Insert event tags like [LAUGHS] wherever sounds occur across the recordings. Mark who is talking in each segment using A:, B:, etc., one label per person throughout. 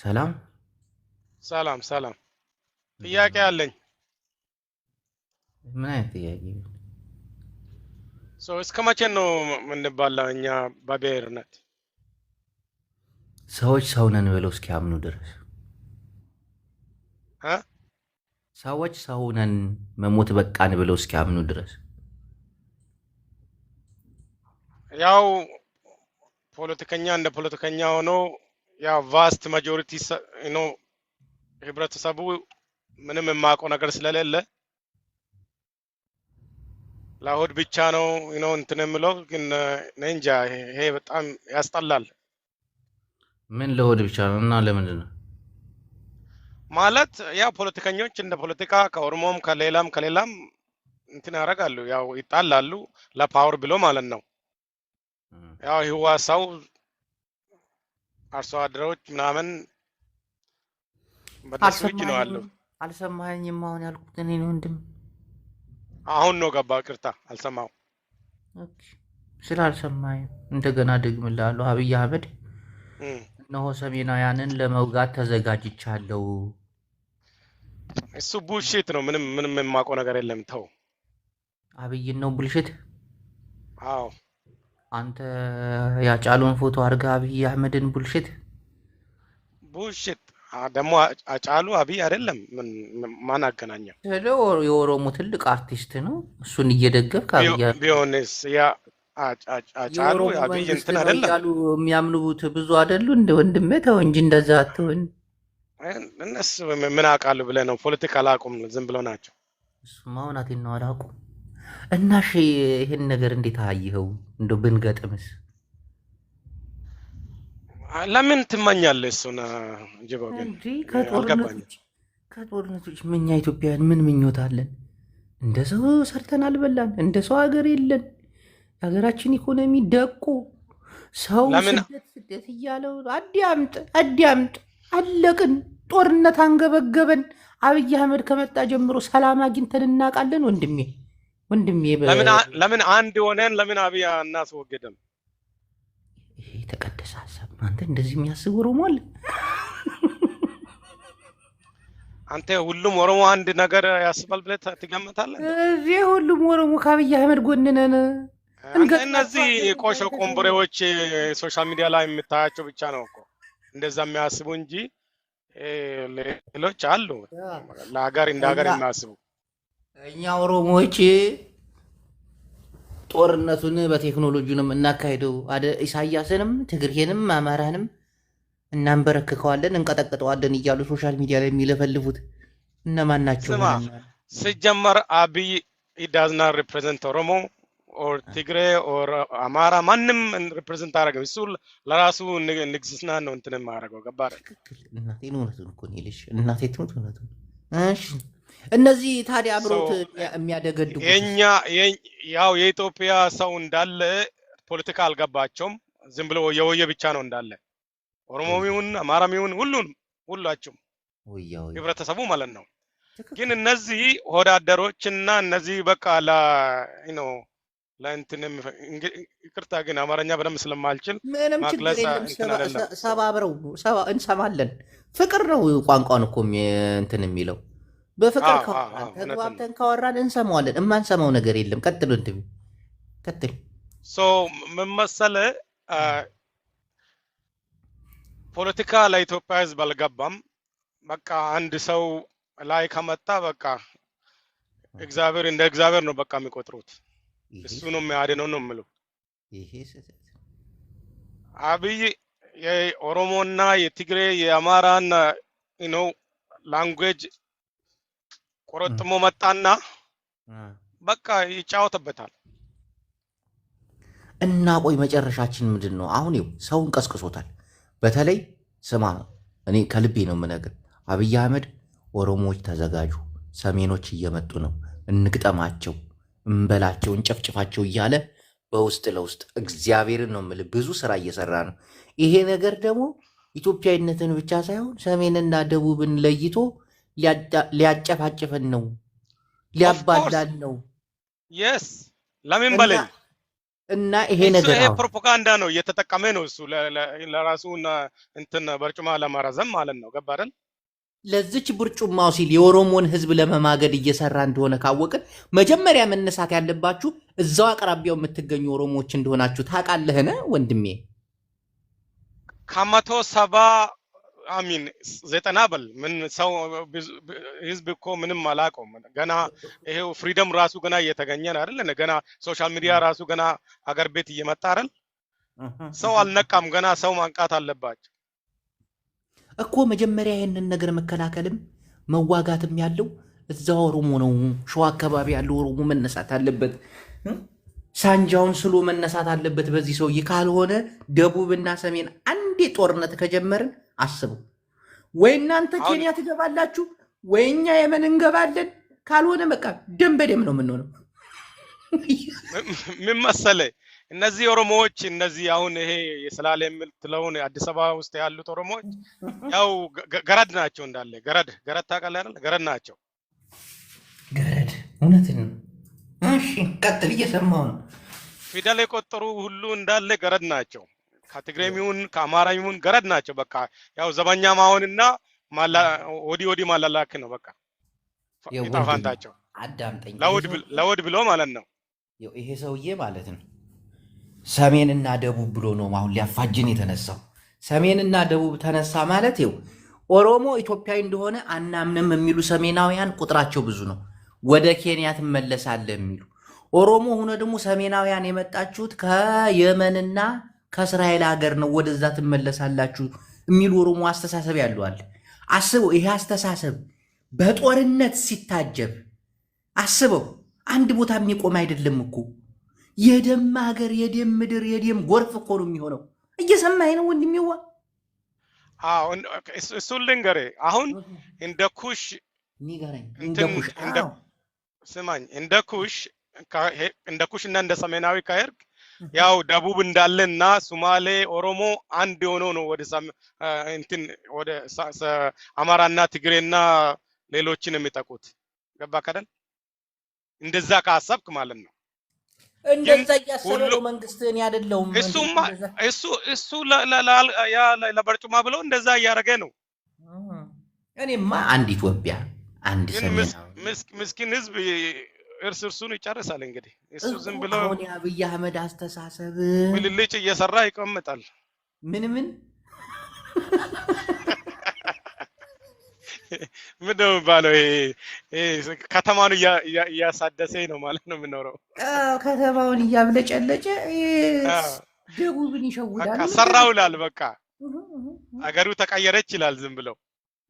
A: ሰላም
B: ሰላም ሰላም። ጥያቄ አለኝ።
A: ምን አይነት ጥያቄ?
B: እስከ መቼ ነው የምንባላው እኛ በብሔርነት?
A: ሰዎች ሰው ነን ብለው እስኪያምኑ ድረስ። ሰዎች ሰው ነን መሞት በቃን ብለው እስኪያምኑ ድረስ።
B: ያው ፖለቲከኛ እንደ ፖለቲከኛ ሆኖ ያ ቫስት ማጆሪቲ ነው ህብረተሰቡ ምንም የማውቀው ነገር ስለሌለ ለአሁድ ብቻ ነው ነው እንትን የምለው ግን ነንጃ uh, ይሄ በጣም ያስጠላል።
A: ምን ለሆድ ብቻ ነው እና ለምንድን ነው
B: ማለት ያው ፖለቲከኞች እንደ ፖለቲካ ከኦሮሞም ከሌላም ከሌላም እንትን ያደርጋሉ፣ ያው ይጣላሉ ለፓወር ብሎ ማለት ነው። ያው ይህዋ ሰው አርሶ አደሮች ምናምን በነሱ እጅ ነው ያለው።
A: አልሰማኸኝም? አሁን ያልኩት እኔ ወንድም
B: አሁን ነው ገባ። ቅርታ አልሰማው
A: አልሰማኝ እንደገና ላሉ አብይ አህመድ እነሆ ሰሜናውያንን ለመውጋት ተዘጋጅቻለሁ።
B: እሱ ቡልሽት ነው። ምንም ምንም የማውቀው ነገር የለም። ተው
A: አብይን ነው ቡልሽት። አዎ አንተ የአጫሉን ፎቶ አድርገህ አብይ አህመድን ቡልሽት
B: ቡልሽት ደግሞ አጫሉ አብይ አይደለም። ማን አገናኘው?
A: የኦሮሞ ትልቅ አርቲስት ነው። እሱን እየደገፍ
B: ቢሆንስ ያ አጫሉ አብይ እንትን አይደለም
A: የሚያምኑት ብዙ አይደሉ። እንደ ወንድሜ ተው እንጂ እንደዛ አትሆን።
B: እነሱ ምን አውቃሉ ብለህ ነው? ፖለቲካ አላውቁም ዝም ብለው ናቸው።
A: እሱማ እውነቴን ነው አላውቁም። እናሽ ይሄን ነገር እንዴት አየኸው? እንደ ብንገጥምስ?
B: ለምን ትመኛለህ? እሱን ጅባ
A: ከጦርነቶች ምኛ ኢትዮጵያውያን ምን ምኞት አለን? እንደ ሰው ሰርተን አልበላን፣ እንደ ሰው ሀገር የለን። የሀገራችን ኢኮኖሚ ደቁ። ሰው ስደት ስደት እያለው አዲያምጥ አዲያምጥ አለቅን። ጦርነት አንገበገበን። አብይ አህመድ ከመጣ ጀምሮ ሰላም አግኝተን እናውቃለን ወንድሜ ወንድሜ
B: ለምን አንድ ሆነን ለምን አብይ እናስወገደም?
A: ይሄ የተቀደሰ ሀሳብ አንተ እንደዚህ የሚያስብ ኦሮሞ አለ?
B: አንተ ሁሉም ኦሮሞ አንድ ነገር ያስባል ብለህ ትገምታለህ?
A: እዚህ ሁሉም ኦሮሞ ከአብይ አህመድ ጎን
B: እነዚህ ቆሾ ቆንበሬዎች ሶሻል ሚዲያ ላይ የምታያቸው ብቻ ነው እኮ እንደዛ የሚያስቡ እንጂ ሌሎች አሉ ለሀገር እንደ ሀገር የሚያስቡ
A: እኛ ኦሮሞዎች ጦርነቱን በቴክኖሎጂንም እናካሄደው። አደ ኢሳያስንም ትግሬንም አማራንም እናንበረክከዋለን፣ እንቀጠቅጠዋለን እያሉ ሶሻል ሚዲያ ላይ የሚለፈልፉት እነማን ናቸው?
B: ሲጀመር አብይ ኢዳዝና ሪፕሬዘንት ኦሮሞ ኦር ትግሬ ኦር አማራ ማንም ሪፕሬዘንት አረገው። እሱ ለራሱ ንግስና ነው እንትን ማረገው። ገባረ
A: እናቴ እውነቱን እኮ እናቴ ትሙት እውነቱን እሺ እነዚህ ታዲያ አብሮት
B: የሚያደገድጉ የኛ ያው የኢትዮጵያ ሰው እንዳለ ፖለቲካ አልገባቸውም። ዝም ብሎ የወየ ብቻ ነው እንዳለ ኦሮሞሚውን፣ አማራሚውን፣ ሁሉንም ሁላችሁም ህብረተሰቡ ማለት ነው። ግን እነዚህ ወዳደሮች እና እነዚህ በቃ ነው ለእንትን ይቅርታ፣ ግን አማርኛ በደንብ ስለማልችል ምንም ችግር የለም። ሰባብረው እንሰማለን። ፍቅር ነው ቋንቋን እኮ እንትን የሚለው በፍቅር ካወራን ተግባብተን ካወራን እንሰማዋለን። እማንሰማው ነገር የለም። ቀጥሉ እንድም ቀጥል ምን መሰለህ፣ ፖለቲካ ለኢትዮጵያ ሕዝብ አልገባም። በቃ አንድ ሰው ላይ ከመጣ በቃ እግዚአብሔር እንደ እግዚአብሔር ነው በቃ የሚቆጥሩት እሱ ነው የሚያድነው ነው የምለው። አብይ የኦሮሞና የትግሬ የአማራና ነው ላንጉዌጅ ቆረጥሞ መጣና በቃ ይጫወትበታል። እና ቆይ መጨረሻችን ምንድን ነው? አሁን ይኸው ሰውን ቀስቅሶታል። በተለይ ስማ፣ እኔ ከልቤ ነው የምነግር፣ አብይ አህመድ ኦሮሞዎች ተዘጋጁ፣ ሰሜኖች እየመጡ ነው፣ እንግጠማቸው፣ እንበላቸው፣ እንጨፍጭፋቸው እያለ በውስጥ ለውስጥ እግዚአብሔርን ነው የምልህ ብዙ ስራ እየሰራ ነው። ይሄ ነገር ደግሞ ኢትዮጵያዊነትን ብቻ ሳይሆን ሰሜንና ደቡብን ለይቶ ሊያጨፋጭፈን ነው፣ ሊያባላን ነው። የስ ለምን በለኝ እና ይሄ ነገር ይሄ ፕሮፓጋንዳ ነው እየተጠቀመ ነው እሱ ለራሱ እንትን በርጩማ ለማራዘም ማለት ነው። ገባረን ለዚች ብርጩማው ሲል የኦሮሞን ህዝብ ለመማገድ እየሰራ እንደሆነ ካወቅን መጀመሪያ መነሳት ያለባችሁ እዛው አቅራቢያው የምትገኙ ኦሮሞዎች እንደሆናችሁ ታውቃለህን? ወንድሜ ከመቶ ሰባ አሚን ዘጠና በል ምን ሰው ህዝብ እኮ ምንም አላቀውም ገና ይሄው ፍሪደም ራሱ ገና እየተገኘ አይደል? ገና ሶሻል ሚዲያ ራሱ ገና አገር ቤት እየመጣ አይደል? ሰው አልነቃም ገና። ሰው ማንቃት አለባቸው እኮ መጀመሪያ ይህንን ነገር መከላከልም መዋጋትም ያለው እዛ ኦሮሞ ነው። ሸዋ አካባቢ ያለው ኦሮሞ መነሳት አለበት። ሳንጃውን ስሎ መነሳት አለበት በዚህ ሰውዬ። ካልሆነ ደቡብና ሰሜን አንዴ ጦርነት ከጀመርን አስበው፣ ወይ እናንተ ኬንያ ትገባላችሁ፣ ወይ እኛ የመን እንገባለን። ካልሆነ በቃ ደም በደም ነው የምንሆነው። ምን መሰለ እነዚህ ኦሮሞዎች እነዚህ አሁን ይሄ የስላሌ የምትለውን አዲስ አበባ ውስጥ ያሉት ኦሮሞዎች ያው ገረድ ናቸው። እንዳለ ገረድ ገረድ ታውቃለህ አይደል? ገረድ ናቸው። ገረድ እውነትን እሺ ቀጥል፣ እየሰማሁ ነው። ፊደል የቆጠሩ ሁሉ እንዳለ ገረድ ናቸው። ከትግሬም ይሁን ከአማራም ይሁን ገረድ ናቸው። በቃ ያው ዘበኛ ማሆንና ወዲ ወዲ ማላላክ ነው። በቃ ጣፋንታቸው አዳምጠኝ፣ ለውድ ብሎ ማለት ነው። ይሄ ሰውዬ ማለት ነው ሰሜንና ደቡብ ብሎ ነው አሁን ሊያፋጅን የተነሳው። ሰሜንና ደቡብ ተነሳ ማለት ይኸው ኦሮሞ ኢትዮጵያዊ እንደሆነ አናምንም የሚሉ ሰሜናውያን ቁጥራቸው ብዙ ነው። ወደ ኬንያ ትመለሳለህ የሚሉ ኦሮሞ ሆነ ደግሞ ሰሜናውያን የመጣችሁት ከየመንና ከእስራኤል ሀገር ነው ወደዛ ትመለሳላችሁ የሚሉ ኦሮሞ አስተሳሰብ ያለዋል። አስበው፣ ይሄ አስተሳሰብ በጦርነት ሲታጀብ አስበው፣ አንድ ቦታ የሚቆም አይደለም እኮ የደም ሀገር፣ የደም ምድር፣ የደም ጎርፍ እኮ ነው የሚሆነው። እየሰማኝ ነው ወንድሜዋ። እሱን ልንገሬ አሁን እንደ ኩሽ ስማኝ እንደ ኩሽ እንደ ኩሽ እና እንደ ሰሜናዊ ከሄድክ ያው ደቡብ እንዳለ እና ሱማሌ ኦሮሞ አንድ የሆነ ነው ወደ እንትን ወደ አማራና ትግሬና ሌሎችን የሚጠቁት ገባ ከደል እንደዛ ካሰብክ ማለት ነው። እንደዛ እያሰበ ነው መንግስት። እኔ እሱማ እሱ እሱ ለበርጩማ ብለው እንደዛ እያደረገ ነው። እኔማ አንድ ኢትዮጵያ አንድ ምስኪን ህዝብ እርስ እርሱን ይጨርሳል። እንግዲህ እሱ ዝም ብሎ አሁን የአብይ አህመድ አስተሳሰብ ምልልጭ እየሰራ ይቀምጣል። ምን ምን [LAUGHS] ምን ነው የሚባለው? ከተማውን እያሳደሰ ነው ማለት ነው የምኖረው። ከተማውን እያብለጨለጨ ደቡብን ይሸውዳል። ሰራውላል በቃ አገሩ ተቀየረች ይላል ዝም ብለው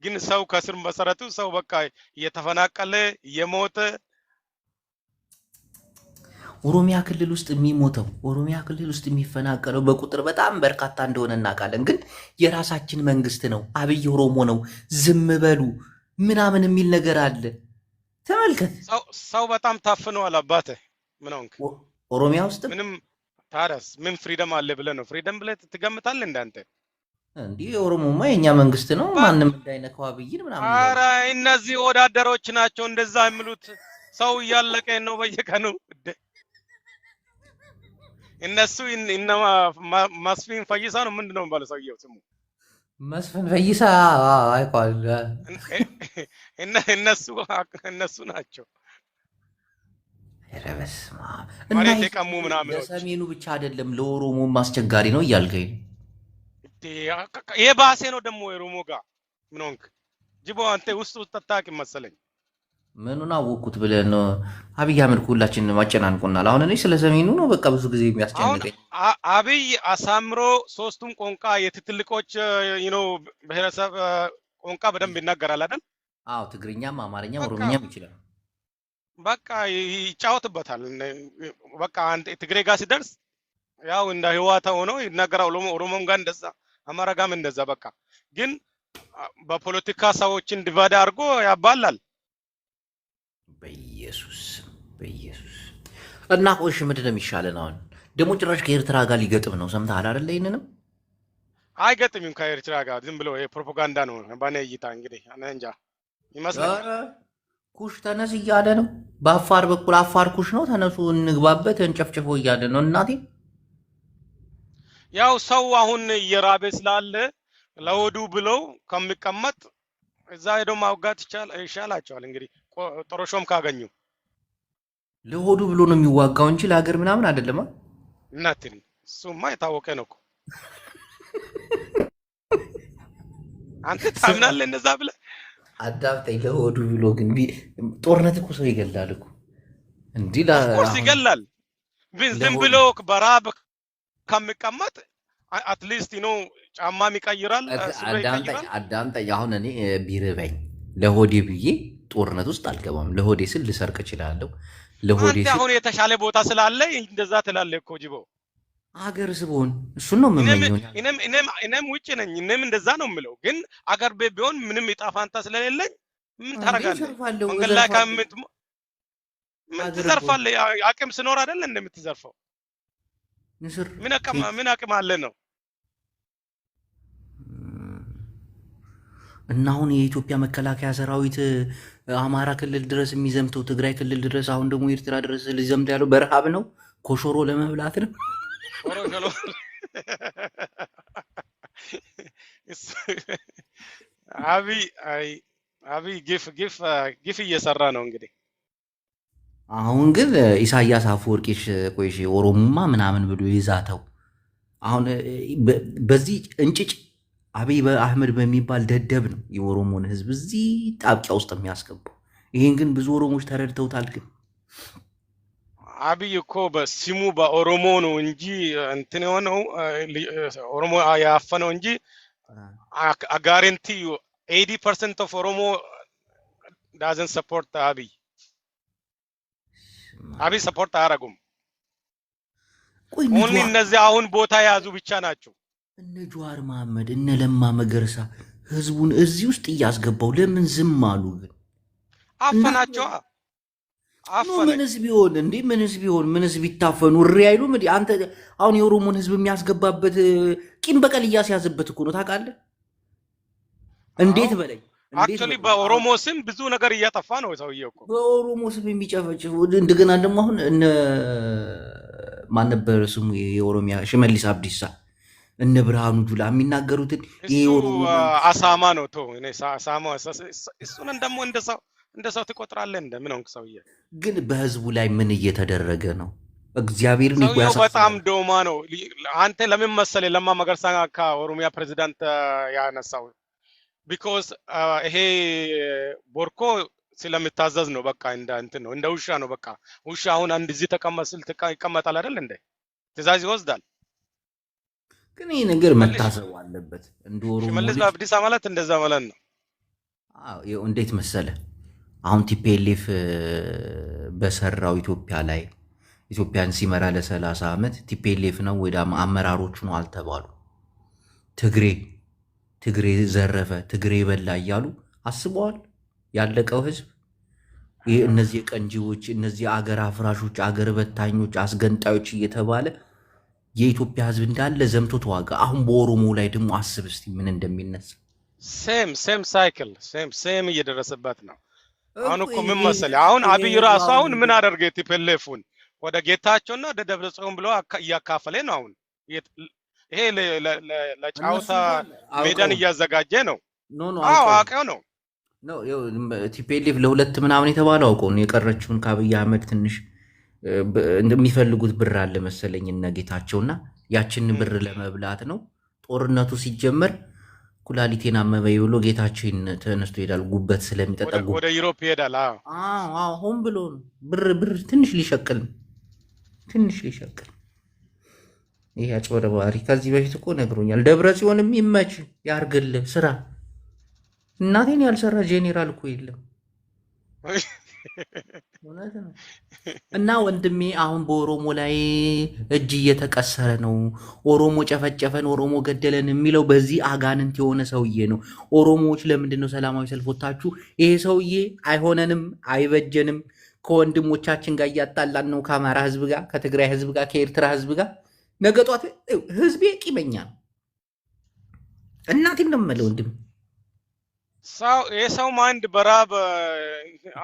B: ግን ሰው ከስር መሰረቱ ሰው በቃ እየተፈናቀለ እየሞተ ኦሮሚያ ክልል ውስጥ የሚሞተው ኦሮሚያ ክልል ውስጥ የሚፈናቀለው በቁጥር በጣም በርካታ እንደሆነ እናውቃለን። ግን የራሳችን መንግስት ነው፣ አብይ ኦሮሞ ነው፣ ዝም በሉ ምናምን የሚል ነገር አለ። ተመልከት፣ ሰው በጣም ታፍነዋል። አባተ ምን ሆንክ? ኦሮሚያ ውስጥ ምንም ታረስ ምን ፍሪደም አለ ብለህ ነው ፍሪደም ብለህ ትገምታለህ እንዳንተ እንዲህ የኦሮሞማ የእኛ መንግስት ነው፣ ማንም እንዳይነካው አብይን ምናምን። ኧረ እነዚህ ወዳደሮች ናቸው እንደዛ የሚሉት። ሰው እያለቀ ነው በየቀኑ። እነሱ እነ መስፍን ፈይሳ ነው ምንድን ነው የሚባለው ሰውዬው ስሙ? መስፍን ፈይሳ አይኳል። እነሱ እነሱ ናቸው እና የቀሙ ምናምን። ለሰሜኑ ብቻ አይደለም ለኦሮሞም አስቸጋሪ ነው እያልከኝ ነው የባሴ ነው ደግሞ የሮሞ ጋር ምን ሆንክ ጅቦ? አንተ ውስጥ ውስጥ አታውቅም መሰለኝ። ምኑን አወቅኩት ብለን ነው አብይ አህመድ ሁላችንም አጨናንቁናል። አሁን እኔ ስለ ሰሜኑ ነው በቃ ብዙ ጊዜ የሚያስጨንቀኝ። አብይ አሳምሮ ሶስቱም ቋንቋ የትትልቆች ነው ብሔረሰብ ቋንቋ በደንብ ይናገራል አይደል? አዎ ትግርኛም፣ አማርኛም ኦሮምኛም ይችላል። በቃ ይጫወትበታል። በቃ ትግሬ ጋር ሲደርስ ያው እንደ ህዋታ ሆኖ ይናገራ ኦሮሞም ጋር እንደዛ አማራ ጋም እንደዛ በቃ ግን በፖለቲካ ሰዎችን ዲቫይድ አድርጎ ያባላል። በኢየሱስ በኢየሱስ እና ቆሽ ምንድን ነው የሚሻለን? አሁን ደግሞ ጭራሽ ከኤርትራ ጋር ሊገጥም ነው። ሰምተሃል አይደለ? ይህንንም አይገጥምም ከኤርትራ ጋር ዝም ብሎ ፕሮፓጋንዳ ነው። ባኔ እይታ እንግዲህ እንጃ ይመስላል። ኩሽ ተነስ እያለ ነው። በአፋር በኩል አፋር ኩሽ ነው ተነሱ፣ እንግባበት፣ እንጨፍጭፎ እያለ ነው እናቴ ያው ሰው አሁን እየራበ ስላለ ለወዱ ብለው ከሚቀመጥ እዛ ሄዶ ማውጋት ይሻላቸዋል። እንግዲህ ጥሮሾም ካገኙ ለሆዱ ብሎ ነው የሚዋጋው እንጂ ለሀገር ምናምን አይደለም። እናትን እሱማ የታወቀ ነው እኮ አንተ ታምናለህ? እንደዛ ብለህ አዳምጠኝ። ለሆዱ ብሎ ግን ጦርነት እኮ ሰው ይገላል እኮ እንዲህ ይገላል። ዝም ብሎ በራብ ከምቀመጥ አትሊስት ነው ጫማም ይቀይራል። አዳምጠኝ። አሁን እኔ ቢርበኝ ለሆዴ ብዬ ጦርነት ውስጥ አልገባም። ለሆዴ ስል ልሰርቅ እችላለሁ። ለሆዴ ስል አሁን የተሻለ ቦታ ስላለ እንደዛ ትላለ እኮ ጅቦ አገር ስቦን እሱ ነው የምመኘው። እኔም ውጭ ነኝ፣ እኔም እንደዛ ነው የምለው። ግን አገር ቤት ቢሆን ምንም ዕጣ ፋንታ ስለሌለኝ ምን ታደርጋለህ? መንገድ ላይ ከምት ምን አቅም ስኖር አይደለ እንደምትዘርፈው ምን አቅም ምን አቅም አለ ነው እና አሁን የኢትዮጵያ መከላከያ ሰራዊት አማራ ክልል ድረስ የሚዘምተው ትግራይ ክልል ድረስ አሁን ደግሞ ኤርትራ ድረስ ሊዘምት ያለው በረሃብ ነው፣ ኮሾሮ ለመብላት ነው። አብይ ግፍ እየሰራ ነው እንግዲህ አሁን ግን ኢሳያስ አፈወርቂ ቆይሽ ኦሮሞማ ምናምን ብሎ ይዛተው አሁን በዚህ እንጭጭ አብይ አህመድ በሚባል ደደብ ነው የኦሮሞን ህዝብ እዚህ ጣብቂያ ውስጥ የሚያስገባው። ይህን ግን ብዙ ኦሮሞዎች ተረድተውታል። ግን አብይ እኮ በሲሙ በኦሮሞ ነው እንጂ እንትን የሆነው ኦሮሞ ያፈነው እንጂ ጋረንቲ ኤይዲ ፐርሰንት ኦፍ ኦሮሞ ዳዘን ሰፖርት አብይ አብይ ሰፖርት አያረጉም። ሁን እነዚህ አሁን ቦታ የያዙ ብቻ ናቸው። እነ ጀዋር መሐመድ እነ ለማ መገርሳ ህዝቡን እዚህ ውስጥ እያስገባው ለምን ዝም አሉ? ግን አፈናቸዋ ምን ህዝብ ይሆን እንዴ? ምን ህዝብ ይሆን? ምን ህዝብ ይታፈኑ? እሪ አይሉም እንዴ? አንተ አሁን የኦሮሞን ህዝብ የሚያስገባበት ቂም በቀል እያስያዝበት እኮ ነው። ታውቃለህ? እንዴት በለኝ አክቹሊ በኦሮሞ ስም ብዙ ነገር እያጠፋ ነው ሰውዬው እኮ በኦሮሞ ስም የሚጨፈጭፉ እንደገና ደግሞ አሁን እነ ማን ነበረ ስሙ የኦሮሚያ ሽመልስ አብዲሳ እነ ብርሃኑ ጁላ የሚናገሩትን አሳማ ነው ቶ ሳማ እሱንን ደግሞ እንደሰው እንደ ሰው ትቆጥራለህ? እንደምን ሆንክ ሰውዬ። ግን በህዝቡ ላይ ምን እየተደረገ ነው? እግዚአብሔርን በጣም ዶማ ነው። አንተ ለምን መሰለ ለማ መገርሳ ከኦሮሚያ ፕሬዚዳንት ያነሳው ቢኮዝ uh, ይሄ ቦርኮ ስለምታዘዝ ነው። በቃ እንደ እንትን ነው፣ እንደ ውሻ ነው። በቃ ውሻ አሁን አንድ እዚህ ተቀመጥ ስል ይቀመጣል አይደል? እንደ ትእዛዝ ይወስዳል። ግን ይህ ነገር መታሰቡ አለበት። እንደ ሽመልስ አብዲሳ ማለት እንደዛ ማለት ነው። እንዴት መሰለ አሁን ቲፔሌፍ በሰራው ኢትዮጵያ ላይ ኢትዮጵያን ሲመራ ለሰላሳ ዓመት ቲፒኤልኤፍ ነው ወይ አመራሮቹ ነው አልተባሉ ትግሬ ትግሬ ዘረፈ፣ ትግሬ በላ እያሉ አስበዋል። ያለቀው ህዝብ ይህ እነዚህ የቀንጂዎች እነዚህ አገር አፍራሾች፣ አገር በታኞች፣ አስገንጣዮች እየተባለ የኢትዮጵያ ህዝብ እንዳለ ዘምቶ ተዋጋ። አሁን በኦሮሞ ላይ ደግሞ አስብ እስኪ ምን እንደሚነሳ። ሴም ሴም ሳይክል ሴም ሴም እየደረሰበት ነው። አሁን እኮ ምን መሰለህ፣ አሁን አብይ ራሱ አሁን ምን አደርገ ቲፔሌፉን ወደ ጌታቸውና ወደ ደብረ ጽዮን ብሎ እያካፈለ ነው አሁን ይሄ ለጫዋታ ሜዳን እያዘጋጀ ነው። አዎ አውቀው ነው ቲፒኤልኤፍ ለሁለት ምናምን የተባለው አውቀው ነው። የቀረችውን ከአብይ አህመድ ትንሽ የሚፈልጉት ብር አለ መሰለኝ እነ ጌታቸውና ያችን ብር ለመብላት ነው። ጦርነቱ ሲጀመር ኩላሊቴን አመመኝ ብሎ ጌታቸው ተነስቶ ይሄዳል። ጉበት ስለሚጠጠጉ ወደ ዩሮፕ ይሄዳል። ሆን ብሎ ብር ብር ትንሽ ሊሸቅል ትንሽ ሊሸቅል ይህ አጭበርባሪ ከዚህ በፊት እኮ ነግሮኛል። ደብረ ጽዮንም ይመች ያርግልህ ስራ። እናቴን ያልሰራ ጄኔራል እኮ የለም። እውነት ነው። እና ወንድሜ አሁን በኦሮሞ ላይ እጅ እየተቀሰረ ነው። ኦሮሞ ጨፈጨፈን፣ ኦሮሞ ገደለን የሚለው በዚህ አጋንንት የሆነ ሰውዬ ነው። ኦሮሞዎች ለምንድን ነው ሰላማዊ ሰልፍ ወታችሁ? ይሄ ሰውዬ አይሆነንም፣ አይበጀንም፣ ከወንድሞቻችን ጋር እያጣላን ነው፣ ከአማራ ህዝብ ጋር፣ ከትግራይ ህዝብ ጋር፣ ከኤርትራ ህዝብ ጋር ነገ ጧት ህዝቤ ቂመኛ ነው። እናቴ ነው የምለው። ወንድም የሰው ማንድ በራብ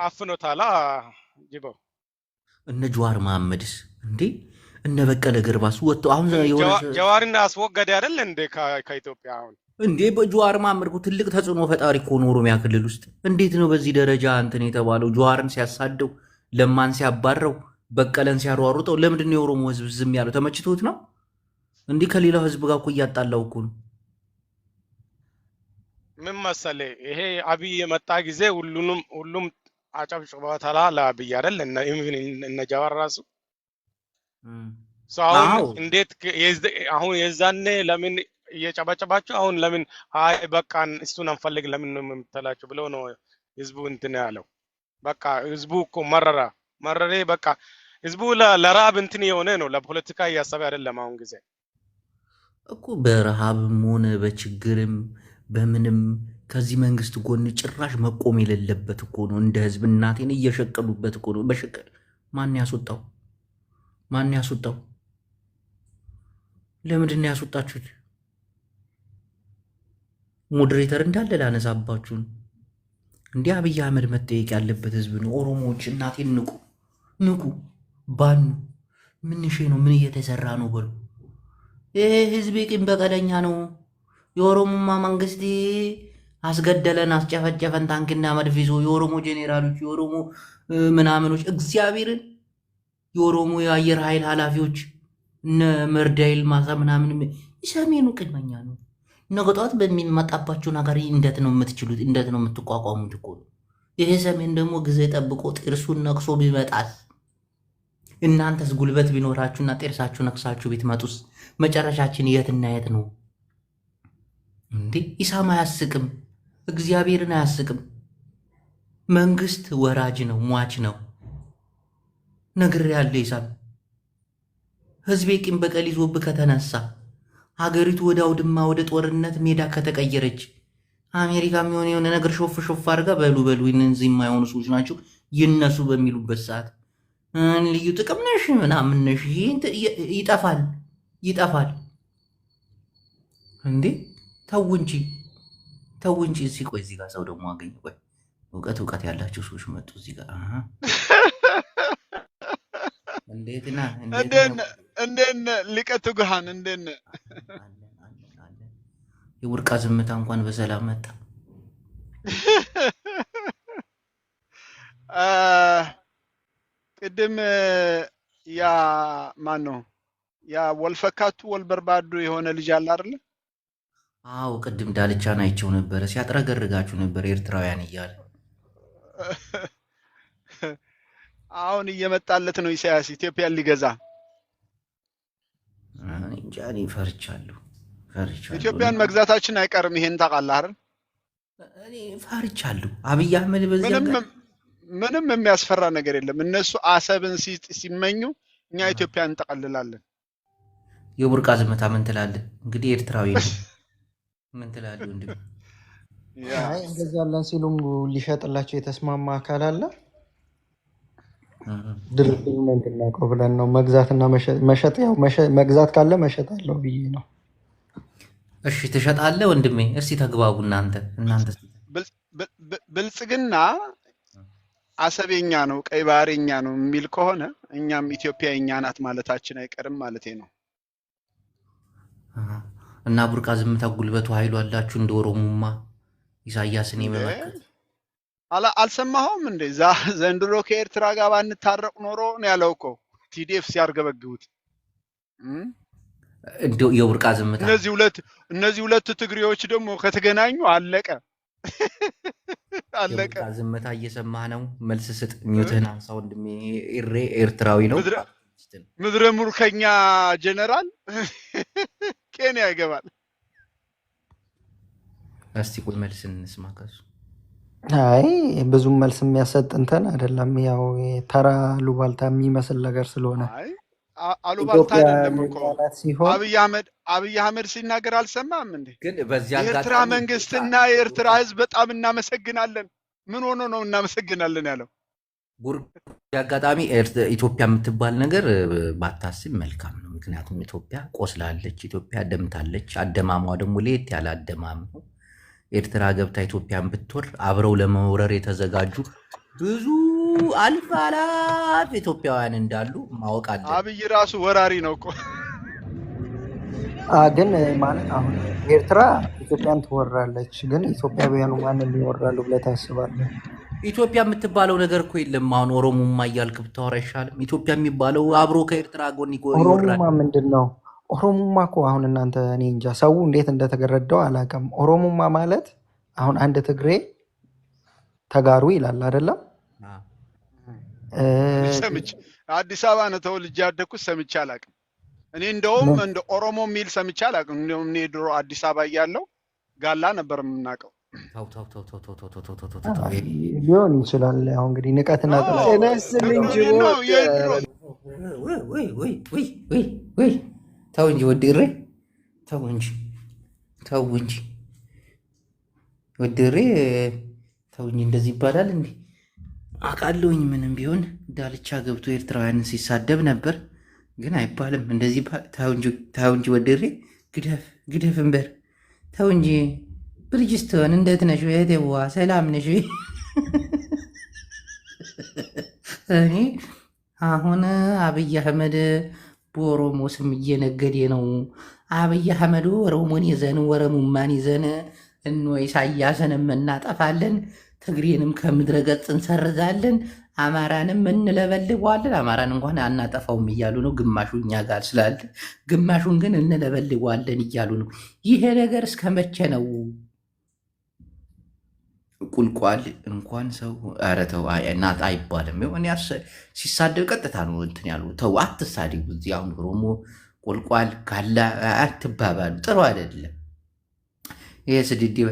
B: አፍኖታላ ጅበው እነ ጀዋር መሐመድስ እንዴ እነ በቀለ ገርባስ ወጥተው አሁን ጀዋርን አስወገደ አይደል እንዴ ከኢትዮጵያ አሁን እንዴ በጀዋር መሐመድ እኮ ትልቅ ተጽዕኖ ፈጣሪ እኮ ነው ኦሮሚያ ክልል ውስጥ። እንዴት ነው በዚህ ደረጃ እንትን የተባለው? ጀዋርን ሲያሳደው ለማን ሲያባረው በቀለን ሲያሯሩጠው ለምንድን ነው የኦሮሞ ህዝብ ዝም ያለው? ተመችቶት ነው? እንዲህ ከሌላው ህዝብ ጋር እኮ እያጣላው እኮ ነው። ምን መሰለ ይሄ አብይ የመጣ ጊዜ ሁሉንም ሁሉም አጨብጭበታል ለአብይ አይደል? እነ ጃዋር ራሱ አሁን እንዴት አሁን የዛኔ ለምን እየጨበጨባችሁ አሁን ለምን አይ በቃን እሱን አንፈልግ ለምን ነው የምትላችሁ ብለው ነው ህዝቡ እንትን ያለው። በቃ ህዝቡ እኮ መረራ መረሬ በቃ ህዝቡ ለረሃብ እንትን የሆነ ነው። ለፖለቲካ እያሰበ አይደለም። አሁን ጊዜ እኮ በረሃብም ሆነ በችግርም በምንም ከዚህ መንግስት ጎን ጭራሽ መቆም የሌለበት እኮ ነው። እንደ ህዝብ እናቴን እየሸቀሉበት እኮ ነው። በሸቀ ማን ያስወጣው? ማን ያስወጣው? ለምንድን ነው ያስወጣችሁት? ሞዴሬተር እንዳለ ላነሳባችሁን። እንዲህ አብይ አህመድ መጠየቅ ያለበት ህዝብ ነው። ኦሮሞዎች እናቴን ንቁ፣ ንቁ። ባኑ ምንሽ ነው? ምን እየተሰራ ነው? ብሎ ይሄ ህዝብ ቂም በቀለኛ ነው። የኦሮሞማ መንግስት አስገደለን፣ አስጨፈጨፈን፣ ታንክና መድፍ ይዞ የኦሮሞ ጄኔራሎች፣ የኦሮሞ ምናምኖች፣ እግዚአብሔርን የኦሮሞ የአየር ኃይል ኃላፊዎች እነ መርዳይል ማሳ ምናምን ሰሜኑ ቅድመኛ ነው። ነገ ጠዋት በሚመጣባቸው ነገር እንደት ነው የምትችሉት? እንደት ነው የምትቋቋሙት? እኮ ይሄ ሰሜን ደግሞ ጊዜ ጠብቆ ጥርሱን ነቅሶ ቢመጣል እናንተስ ጉልበት ቢኖራችሁና ጤርሳችሁ ነክሳችሁ መጡስ መጨረሻችን የትና የት ነው እንዴ? ኢሳም አያስቅም፣ እግዚአብሔርን አያስቅም። መንግስት ወራጅ ነው፣ ሟች ነው። ነግር ያለ ኢሳም ህዝቤ ቂም በቀል ይዞብህ ከተነሳ ሀገሪቱ ወደ አውድማ ወደ ጦርነት ሜዳ ከተቀየረች አሜሪካ የሚሆን የሆነ ነገር ሾፍ ሾፍ አድርጋ በሉ በሉ እነዚህ የማይሆኑ ሰዎች ናቸው ይነሱ በሚሉበት ሰዓት ልዩ ጥቅም ነሽ ምናምን ነሽ ይጠፋል ይጠፋል። እንዴ ተው እንጂ ተው እንጂ። እዚህ ቆይ፣ እዚህ ጋር ሰው ደግሞ አገኝ። ቆይ እውቀት እውቀት ያላቸው ሰዎች መጡ እዚህ ጋር። እንዴት ነህ? እንዴት ነህ? ሊቀ ትጉሃን እንዴት ነህ? የወርቃ ዝምታ እንኳን በሰላም መጣ። ቅድም ያ ማን ነው ያ ወልፈካቱ ወልበርባዶ የሆነ ልጅ አለ አይደለ? አዎ ቅድም ዳልቻን አይቸው ነበረ። ሲያጥረገርጋችሁ ነበር ኤርትራውያን እያለ [LAUGHS] አሁን እየመጣለት ነው ኢሳያስ ኢትዮጵያን ሊገዛ። እንጃ እኔ ፈርቻለሁ። ኢትዮጵያን መግዛታችን አይቀርም። ይሄን ታውቃለህ አይደል? እኔ ፈርቻለሁ። አብይ አህመድ በዚህ ምንም የሚያስፈራ ነገር የለም። እነሱ አሰብን ሲመኙ እኛ ኢትዮጵያ እንጠቀልላለን። የቡርቃ ዝመታ ምን ትላለህ? እንግዲህ ኤርትራዊ [LAUGHS] ምን ትላለህ? እንዲሁ እንገዛለን ሲሉም ሊሸጥላቸው የተስማማ አካል አለ። ድርድሩ ምንድነው ብለን ነው መግዛትና መሸጥ። ያው መግዛት ካለ መሸጥ አለው ብዬ ነው። እሺ ትሸጣለህ ወንድሜ። እስቲ ተግባቡ እናንተ እናንተ ብልጽግና አሰቤኛ ነው ቀይ ባህሬኛ ነው የሚል ከሆነ እኛም ኢትዮጵያ የኛ ናት ማለታችን አይቀርም ማለት ነው። እና ቡርቃ ዝምታ ጉልበቱ ኃይሉ አላችሁ እንደ ኦሮሞማ ኢሳያስን የመመከት አልሰማኸውም እንዴ? ዘንድሮ ከኤርትራ ጋር ባንታረቅ ኖሮ ነው ያለው እኮ ቲዲኤፍ ሲያርገበግቡት የቡርቃ ዝምታ። እነዚህ ሁለት እነዚህ ሁለት ትግሬዎች ደግሞ ከተገናኙ አለቀ። [LAUGHS] አለቀ። ዝምታ እየሰማህ ነው። መልስ ስጥ። ሚውትህን አንሳ ወንድሜ። ሬ ኤርትራዊ ነው። ምድረ ሙርከኛ ጀነራል [LAUGHS] ኬንያ ይገባል። እስቲ ቆይ መልስ እንስማ ከሱ። አይ ብዙም መልስ የሚያሰጥ እንትን አይደለም። ያው ተራ ሉባልታ የሚመስል ነገር ስለሆነ አሉባልታ አብይ አህመድ አብይ አህመድ ሲናገር አልሰማም እንዴ? ግን በዚያ የኤርትራ መንግስትና የኤርትራ ህዝብ በጣም እናመሰግናለን። ምን ሆኖ ነው እናመሰግናለን ያለው? አጋጣሚ ኢትዮጵያ የምትባል ነገር ባታስብ መልካም ነው። ምክንያቱም ኢትዮጵያ ቆስላለች፣ ኢትዮጵያ ደምታለች። አደማሟ ደግሞ ለየት ያለ አደማም ነው። ኤርትራ ገብታ ኢትዮጵያን ብትወር አብረው ለመውረር የተዘጋጁ ብዙ አልፍ አላፍ ኢትዮጵያውያን እንዳሉ ማወቅ አለ። አብይ ራሱ ወራሪ ነው እኮ ግን ማለት አሁን ኤርትራ ኢትዮጵያን ትወራለች። ግን ኢትዮጵያውያኑ ማንን ይወራሉ ብለህ ታስባለህ? ኢትዮጵያ የምትባለው ነገር እኮ የለም። አሁን ኦሮሞማ እያልክ ብታወራ አይሻልም? ኢትዮጵያ የሚባለው አብሮ ከኤርትራ ጎን ይወራል። ኦሮሞማ ምንድን ነው? ኦሮሞማ እኮ አሁን እናንተ እኔ እንጃ ሰው እንዴት እንደተገረደው አላውቅም። ኦሮሞማ ማለት አሁን አንድ ትግሬ ተጋሩ ይላል አይደለም ሰምቼ አዲስ አበባ ነው ተወልጄ ያደግኩት፣ ሰምቼ አላውቅም። እኔ እንደውም እንደ ኦሮሞ የሚል ሰምቼ አላውቅም። እንደውም እኔ ድሮ አዲስ አበባ እያለሁ ጋላ ነበር የምናውቀው። ሊሆን ይችላል። አሁን እንግዲህ ንቀትና ተው እንጂ ወድሬ፣ ተው እንጂ ተው እንጂ ወድሬ፣ ተው እንጂ እንደዚህ ይባላል እንዴ? አቃለውኝ ምንም ቢሆን ዳልቻ ገብቶ ኤርትራውያንን ሲሳደብ ነበር። ግን አይባልም እንደዚህ ታው እንጂ ወድሬ ግደፍ ግደፍ እንበር ታው እንጂ ብርጅስቶን እንደት ነሽ? የቴዋ ሰላም ነሽ? እኔ አሁን አብይ አህመድ በኦሮሞ ስም እየነገዴ ነው። አብይ አህመድ ኦሮሞን ይዘን ወረሙማን ይዘን እንወይ ኢሳያስን የምናጠፋለን ትግሬንም ከምድረገጽ እንሰርዛለን፣ አማራንም እንለበልበዋለን። አማራን እንኳን አናጠፋውም እያሉ ነው፣ ግማሹ እኛ ጋር ስላለ፣ ግማሹን ግን እንለበልበዋለን እያሉ ነው። ይሄ ነገር እስከ መቼ ነው? ቁልቋል እንኳን ሰው ኧረ ተው እናት አይባልም። ሆን ሲሳደብ ቀጥታ ነው እንትን ያሉ ተው፣ አትሳደቡ። እዚህ አሁን ኦሮሞ ቁልቋል ካላ አትባባሉ፣ ጥሩ አይደለም ይሄ ስድድብ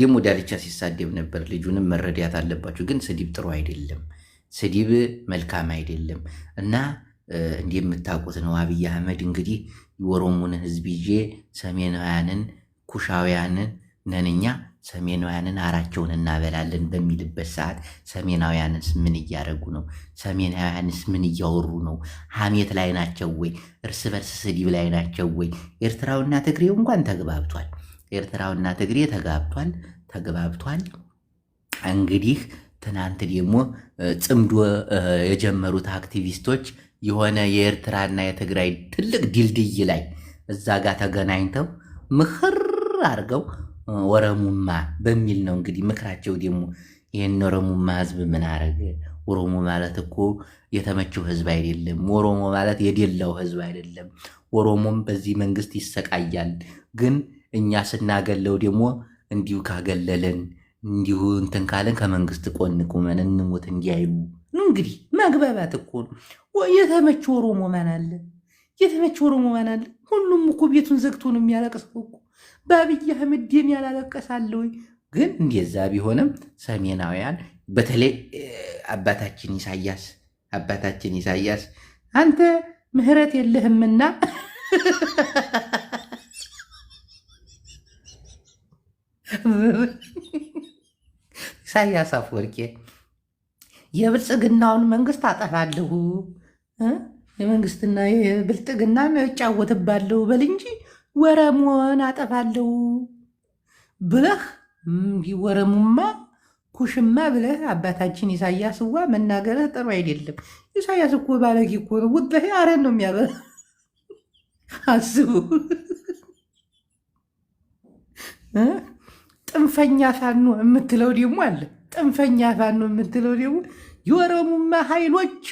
B: ደግሞ ዳልቻ ሲሳደብ ነበር። ልጁንም መረዳት አለባቸው። ግን ስድብ ጥሩ አይደለም፣ ስድብ መልካም አይደለም እና እንደምታውቁት ነው አብይ አህመድ እንግዲህ የኦሮሞን ህዝብ ይዤ ሰሜናውያንን ኩሻውያንን ነንኛ ሰሜናውያንን አራቸውን እናበላለን በሚልበት ሰዓት ሰሜናውያንስ ምን እያደረጉ ነው? ሰሜናውያንስ ምን እያወሩ ነው? ሀሜት ላይ ናቸው ወይ? እርስ በርስ ስድብ ላይ ናቸው ወይ? ኤርትራውና ትግሬው እንኳን ተግባብቷል። ኤርትራውና ትግሬ ተጋብቷል ተግባብቷል። እንግዲህ ትናንት ደግሞ ጽምዶ የጀመሩት አክቲቪስቶች የሆነ የኤርትራና የትግራይ ትልቅ ድልድይ ላይ እዛ ጋር ተገናኝተው ምክር አድርገው ወረሙማ በሚል ነው እንግዲህ ምክራቸው ደግሞ ይህን ኦሮሙማ ህዝብ ምን አረገ? ኦሮሞ ማለት እኮ የተመቸው ህዝብ አይደለም። ኦሮሞ ማለት የደላው ህዝብ አይደለም። ኦሮሞም በዚህ መንግስት ይሰቃያል ግን እኛ ስናገለው ደግሞ እንዲሁ ካገለለን እንዲሁ እንትን ካለን ከመንግስት ቆን ቁመን እንሞት እንዲያዩ እንግዲህ መግባባት እኮ ነው። የተመቸ ኦሮሞ ማን አለ? የተመቸ ኦሮሞ ማን አለ? ሁሉም እኮ ቤቱን ዘግቶ ነው የሚያለቅሰው እኮ። በአብይ አህመድ ደም ያላለቀሰ ወይ? ግን እንደዛ ቢሆንም ሰሜናውያን በተለይ አባታችን ኢሳያስ አባታችን ኢሳያስ አንተ ምህረት የለህምና [LAUGHS] ኢሳያስ አፈወርቂ የብልጽግናውን መንግስት አጠፋለሁ፣ የመንግስትና የብልጽግና እጫወትባለሁ በል እንጂ ወረሙን አጠፋለሁ ብለህ ወረሙማ ኩሽማ ብለህ አባታችን ኢሳያስ ዋ መናገርህ ጥሩ አይደለም። ኢሳያስ እኮ ባለጌ እኮ ነው። ውጥህ አረን ነው የሚያበላ አስቡ ጥንፈኛ ፋኖ የምትለው ደግሞ አለ። ጥንፈኛ ፋኖ የምትለው ደግሞ የኦሮሙማ ኃይሎች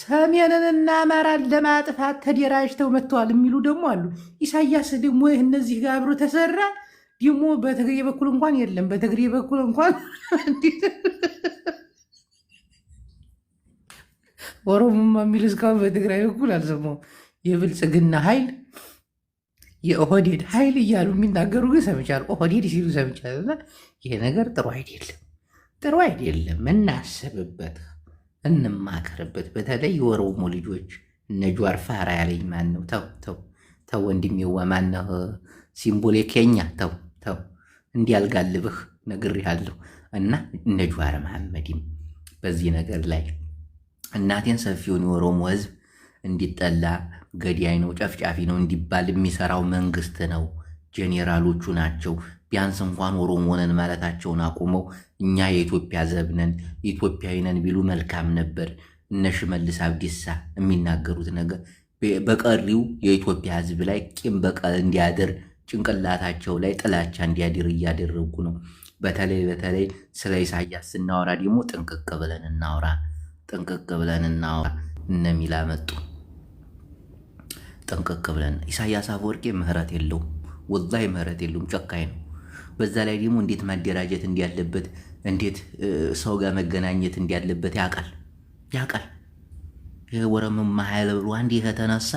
B: ሰሜንንና አማራን ለማጥፋት ተደራጅተው መጥተዋል የሚሉ ደግሞ አሉ። ኢሳያስ ደግሞ እነዚህ ጋር አብሮ ተሰራ ደግሞ በትግሬ በኩል እንኳን የለም። በትግሬ በኩል እንኳን [LAUGHS] ኦሮሙማ የሚል እስካሁን በትግራይ በኩል አልሰማሁም። የብልጽግና ኃይል የኦህዴድ ኃይል እያሉ የሚናገሩ ግን ሰምቻለሁ። ኦህዴድ ሲሉ ሰምቻል። እና ይሄ ነገር ጥሩ አይደለም፣ ጥሩ አይደለም። እናስብበት፣ እንማከርበት። በተለይ የኦሮሞ ልጆች እነ ጃዋር ፋራ ያለኝ ማን ነው? ተው ተው ተው፣ ወንድሜዋ ማነህ? ሲምቦሌ ኬኛ ተው ተው፣ እንዲያልጋልብህ ነግሬሃለሁ። እና እነ ጃዋር መሐመድም በዚህ ነገር ላይ እናቴን ሰፊውን የኦሮሞ ህዝብ እንዲጠላ ገዳይ ነው፣ ጨፍጫፊ ነው እንዲባል የሚሰራው መንግስት ነው፣ ጄኔራሎቹ ናቸው። ቢያንስ እንኳን ኦሮሞ ነን ማለታቸውን አቁመው እኛ የኢትዮጵያ ዘብ ነን ኢትዮጵያዊ ነን ቢሉ መልካም ነበር። እነ ሽመልስ አብዲሳ የሚናገሩት ነገር በቀሪው የኢትዮጵያ ሕዝብ ላይ ቂም በቀል እንዲያድር ጭንቅላታቸው ላይ ጥላቻ እንዲያድር እያደረጉ ነው። በተለይ በተለይ ስለ ኢሳያስ ስናወራ ደግሞ ጥንቅቅ ብለን እናውራ፣ ጥንቅቅ ብለን እናውራ እነሚላ መጡ። ጠንቀቅ ብለን ኢሳያስ አፈወርቄ ምህረት የለውም፣ ወላሂ ምህረት የለውም፣ ጨካኝ ነው። በዛ ላይ ደግሞ እንዴት ማደራጀት እንዲያለበት እንዴት ሰው ጋር መገናኘት እንዲያለበት ያውቃል ያውቃል። ይህ ወረምም ማሀይለ ብሎ አንድ ከተነሳ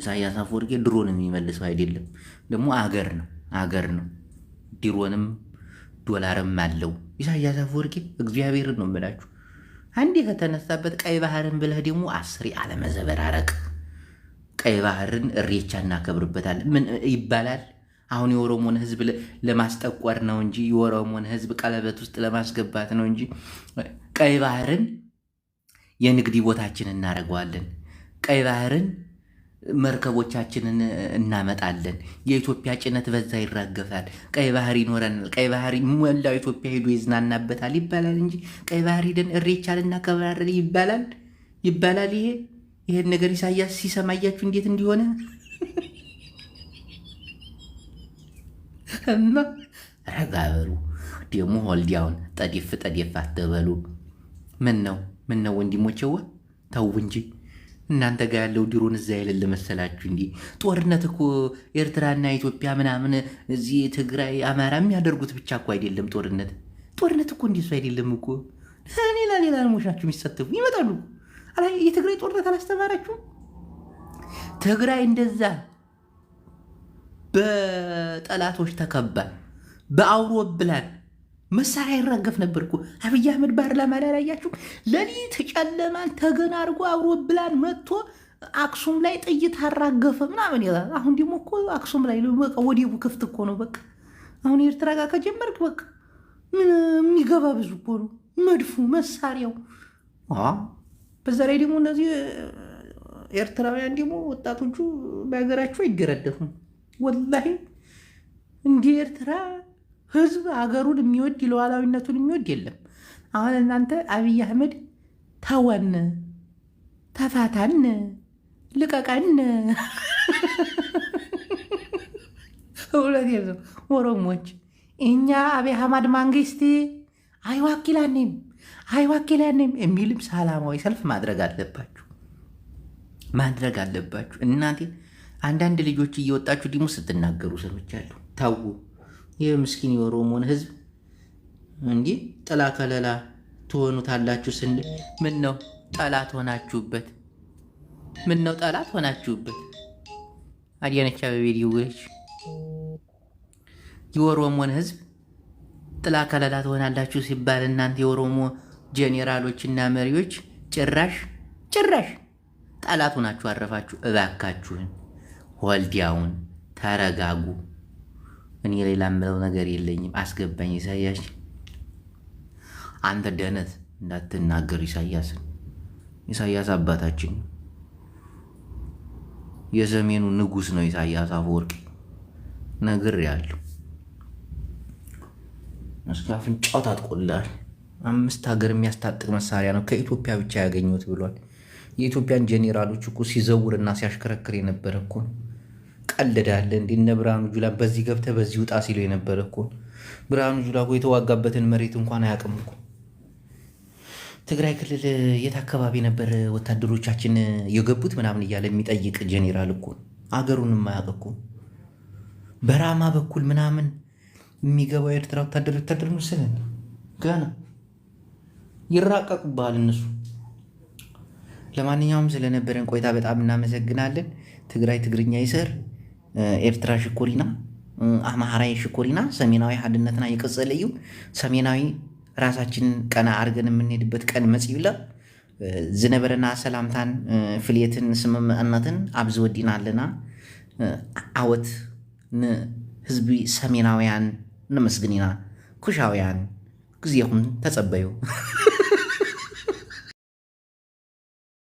B: ኢሳያስ አፈወርቄ ድሮን የሚመልሰው አይደለም። ደግሞ አገር ነው አገር ነው። ድሮንም ዶላርም አለው ኢሳያስ አፈወርቄ። እግዚአብሔርን ነው የምላችሁ አንዴ ከተነሳበት ቀይ ባህርን ብለህ ደግሞ አስሬ አለመዘበራረቅ ቀይ ባህርን እሬቻ እናከብርበታለን ምን ይባላል? አሁን የኦሮሞን ህዝብ ለማስጠቆር ነው እንጂ የኦሮሞን ህዝብ ቀለበት ውስጥ ለማስገባት ነው እንጂ ቀይ ባህርን የንግድ ቦታችን እናደርገዋለን። ቀይ ባህርን መርከቦቻችንን እናመጣለን። የኢትዮጵያ ጭነት በዛ ይራገፋል። ቀይ ባህር ይኖረናል። ቀይ ባህር ሞላው ኢትዮጵያ ሄዶ ይዝናናበታል ይባላል እንጂ ቀይ ባህር ሄደን እሬቻ ልናከብር ይባላል ይባላል ይሄ ይሄን ነገር ኢሳያስ ሲሰማያችሁ እንዴት እንዲሆነ እና ረጋ በሉ ደግሞ ሆልዲያውን ጠዴፍ ጠዴፍ አትበሉ። ምን ነው ምን ነው ወንድሞቼው ተው እንጂ እናንተ ጋር ያለው ድሮን እዛ የሌለ መሰላችሁ? እንዲ ጦርነት እኮ ኤርትራና ኢትዮጵያ ምናምን እዚህ ትግራይ፣ አማራ የሚያደርጉት ብቻ እኮ አይደለም ጦርነት ጦርነት እኮ እንዲሱ አይደለም እኮ ሌላ ሌላ ሞሻችሁ የሚሳተፉ ይመጣሉ። የትግራይ ጦርነት አላስተማራችሁ? ትግራይ እንደዛ በጠላቶች ተከባል በአውሮፕላን መሳሪያ ይራገፍ ነበር እኮ። አብይ አህመድ ባህር ላይ ላያችሁ፣ ለሊት ጨለማን ተገና አድርጎ አውሮፕላን መጥቶ አክሱም ላይ ጥይት አራገፈ ምናምን ይላል። አሁን ደግሞ እኮ አክሱም ላይ ወዲቡ ክፍት እኮ ነው። በቃ አሁን ኤርትራ ጋር ከጀመርክ በቃ የሚገባ ብዙ እኮ ነው መድፉ መሳሪያው በዛ ላይ ደግሞ እነዚህ ኤርትራውያን ደግሞ ወጣቶቹ በሀገራቸው አይገረደፉም። ወላሂ እንደ ኤርትራ ህዝብ ሀገሩን የሚወድ ሉዓላዊነቱን የሚወድ የለም። አሁን እናንተ አብይ አህመድ ተወን፣ ተፋታን፣ ልቀቀን። [LAUGHS] እውነቴን ነው ኦሮሞች፣ እኛ አብይ አህመድ መንግስት አይዋኪላኒም አይዋኪላንም የሚልም ሰላማዊ ሰልፍ ማድረግ አለባችሁ ማድረግ አለባችሁ። እናቴ አንዳንድ ልጆች እየወጣችሁ ዲሞ ስትናገሩ ሰምቻለሁ። ታው ይህ ምስኪን የኦሮሞን ህዝብ እንዲህ ጥላ ከለላ ትሆኑታላችሁ ስንል ምን ነው ጠላት ሆናችሁበት? ምን ነው ጠላት ሆናችሁበት? አዲያነቻ አበቤ ይውለች የኦሮሞን ህዝብ ጥላ ከለላ ትሆናላችሁ ሲባል እናንተ የኦሮሞ ጄኔራሎችና መሪዎች ጭራሽ ጭራሽ ጠላቱ ናችሁ አረፋችሁ። እባካችሁን ወልዲያውን ተረጋጉ። እኔ ሌላ ምለው ነገር የለኝም። አስገባኝ ኢሳያስ፣ አንተ ደነት እንዳትናገር ኢሳያስን። ኢሳያስ አባታችን የሰሜኑ ንጉሥ ነው። ኢሳያስ አፈወርቂ ነግሬያለሁ። እሱ አፍንጫው ታጥቆላል። አምስት ሀገር የሚያስታጥቅ መሳሪያ ነው ከኢትዮጵያ ብቻ ያገኙት ብሏል። የኢትዮጵያን ጄኔራሎች እኮ ሲዘውርና ሲያሽከረክር የነበረ እኮ ቀልዳለ እንዴ? እነ ብርሃኑ ጁላ በዚህ ገብተ በዚህ ውጣ ሲለው የነበረ እኮ ብርሃኑ ጁላ እኮ የተዋጋበትን መሬት እንኳን አያውቅም እኮ። ትግራይ ክልል የት አካባቢ ነበር ወታደሮቻችን የገቡት ምናምን እያለ የሚጠይቅ ጄኔራል እኮ ነው። አገሩንም እኮ በራማ በኩል ምናምን የሚገባው የኤርትራ ወታደር ወታደር ምስልን ገና ይራቀቁብሃል እነሱ። ለማንኛውም ስለነበረን ቆይታ በጣም እናመሰግናለን። ትግራይ ትግርኛ ይሰር፣ ኤርትራ ሽኮሪና፣ አማራይ ሽኮሪና፣ ሰሜናዊ ሀድነትና ይቅፅል እዩ። ሰሜናዊ ራሳችን ቀና አድርገን የምንሄድበት ቀን መጽ ይብላ። ዝነበረና ሰላምታን ፍልየትን ስምምዕነትን ኣብዚ ወዲና ኣለና ዓወት ንህዝቢ ሰሜናውያን እነመስግን ኢና ኩሻውያን ግዚኹም ተጸበዩ [LAUGHS]